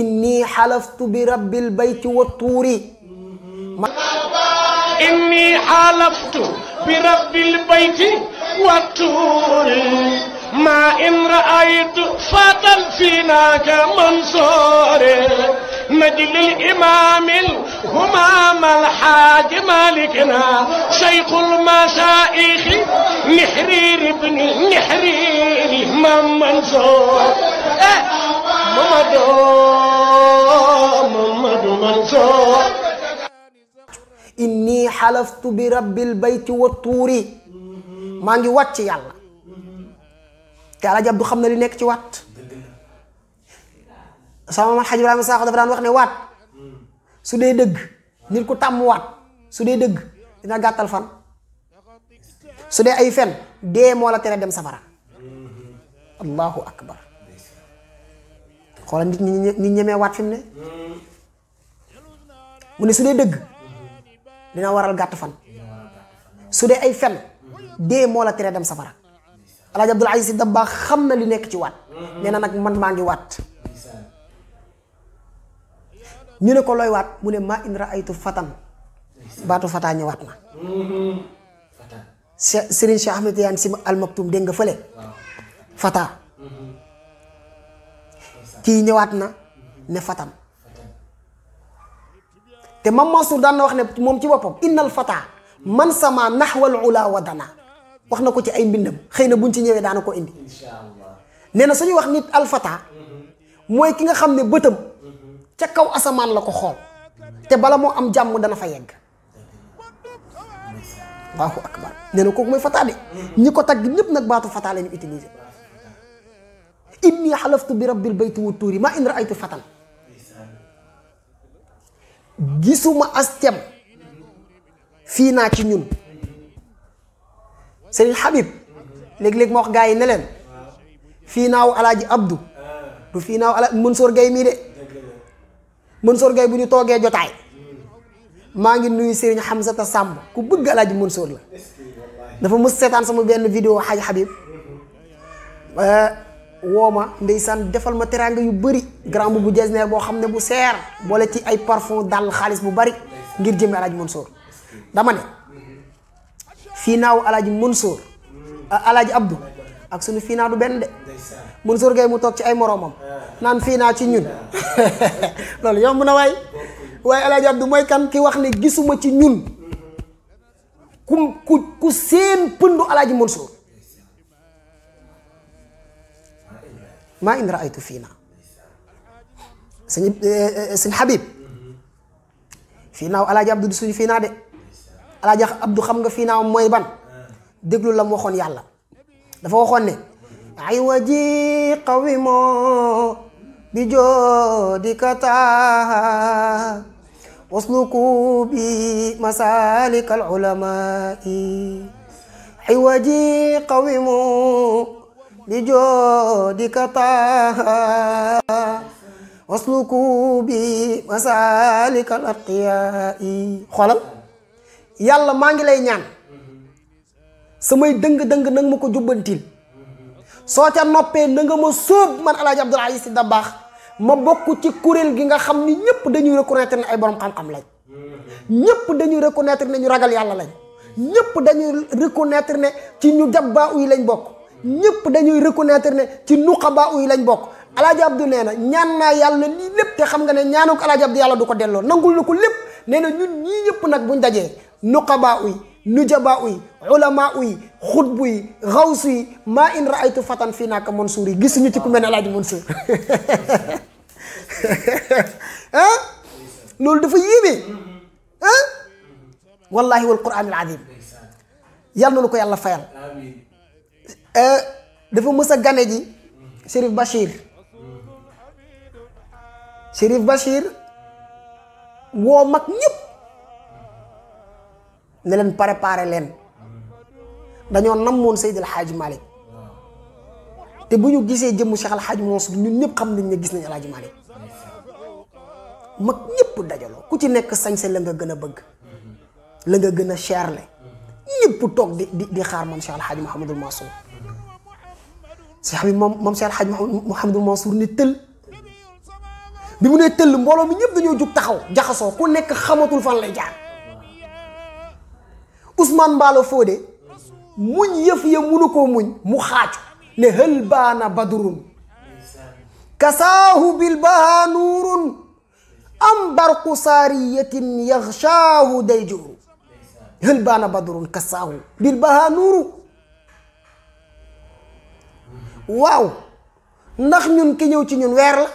inni xalaftu bi rabbil bayti wa tuuri inni xalaftu bi rabbil bayti wa tuuri ma in raaytu fatan fiinaka mansoore najlil imaamil همام الحاج مالكنا شيخ المشايخ نحرير بن نحرير من منصور inni xalaftu bi rabbil bayti wa maa ngi wat ci yàlla te Alaaji Abdu xam na li nekk ci wat sama man Xaj Ibrahima Saaxo dafa daan wax ne wat su dee dëgg nit ku tàmm waat su dee dëgg dina gàttal fan su dee ay fen dee moo la tere dem safara allahu akbar xoolal nit ñi ñi ñemee waat fi mu ne mu ne su dee dëgg dina waral gàtt fan su dee ay fen dee moo la tere dem safara alaaji abdul aziz si dabbaa xam na li nekk ci waat nee na nag man maa ngi waat ñu ne ko looy waat mu ne ma indi raaytu fatan baatu fataa ñëwaat na Serigne Cheikh Ahmed Tidiane Sy dégg nga fële fataa kii ñëwaat na ne Fatam te Mam Mansour daan na wax ne moom ci boppam innal fata man sama naxwal ula wa wax na ko ci ay mbindam xëy na buñ ci ñëwee daana ko indi nee na suñu wax nit alfata mooy ki nga xam ne bëtam ca kaw asamaan la ko xool te bala moo am jàmm dana fa yegg allahu akbar nee na kooku mooy fata de mm-hmm. ñi ko tagg ñëpp nag baatu fata lañu ñu inni xalaftu bi rabbil bayti wa tuuri ma in raaytu fatan gisuma as cem fii naa ci ñun Serigne Habib léeg-léeg ma wax gaa yi ne leen fii naaw alaaji Abdou du fii naaw alaaji Mansour gay mii de Mansour Gaye bu ñu toogee jotaay maa ngi nuyu Serigne Hamzata Samb ku bëgg alaaji Mansour la dafa mës seetaan sama benn vidéo xaaj Habib woo ma ndeysaan defal ma teraanga yu bari grand bu Getzner boo xam ne bu seer boole ci ay parfum dàll xaalis bu bari ngir jëmee Alaaji Mansour dama ne fii naaw Alaaji Mansour Alaaji Abdou ak suñu fii naa du benn de Mansour Gueye mu toog ci ay moroomam naan fii naa ci ñun loolu yomb na waay waaye Alaaji Abdou mooy kan ki wax ne gisuma ci ñun ku ku ku seen pëndu Alaaji Mansour maa in raaytu fii naa sëñ sëñ Habib fii Abdu du suñu de alaaji Abdu xam nga fii naaw mooy ban déglu la mu waxoon yàlla dafa waxoon ne ay waji qawimo bi joodikataa wasluku bi masalik al ulamai ay waji qawimo بجودك طه واسلكوا بمسالك الأتقياء xoolal yàlla maa ngi lay ñaan samay dëng-dëng nanga ma ko jubbantil soo ca noppee na ma sóob man alaaji Abdul Aziz Si Dabaax ma bokk ci kuréel gi nga xam ni ñëpp dañuy reconnaître ne ay borom xam-xam lañ ñëpp dañuy reconnaître ne ñu ragal yàlla lañ ñëpp dañuy reconnaître ne ci ñu jabbaa uy lañ bokk ñëpp dañuy reconnaître ne ci nuqaba uy lañ bokk alaaji abdu nee na ñaan naa yàlla lii lépp te xam nga ne ñaanuk alaaji abdu yàlla du ko delloo nangul na ko lépp nee na ñun ñii ñëpp nag buñ dajee nuqaba uy nujaba uy ulama uy xutbu yi xawsu yi maa in raaytu fatan fii naaka Mansour yi gisuñu ci ku mel ne alaaji ah? loolu dafa yéeme ah wallahi wal quraanil aziim yàlla na nu ko yàlla fayal Euh, dafa mës a gane ji Chérif Bachir Chérif Bachir woo mag ñëpp ne leen préparé leen dañoo namoon Seydi El Hadj Malick te bu ñu gisee jëmmu Cheikh El Hadj Mansour ñun ñëpp xam nañ ne gis nañ El Hadj Malick mag ñëpp dajaloo ku ci nekk sañse la nga gën a bëgg la nga gën a cherle ñëpp toog di di di xaar moom Cheikh El Hadj Mouhamadul Cheikh bi moom moom Cheikh Alhaji Mouhamadou Mansour ne tël bi mu ne tëll mbooloo mi ñëpp dañoo jug taxaw jaxasoo ku nekk xamatul fan lay jaar Ousmane Mballo Fodé muñ yëf ya munu koo muñ mu xaaju ne hël baana badurun kasaahu bilbaha nuurun am barqu saariyatin yaxshaahu day jooru hël baana badurun kasaahu bilbaha nuuru waaw ndax ñun ki ñëw ci ñun weer la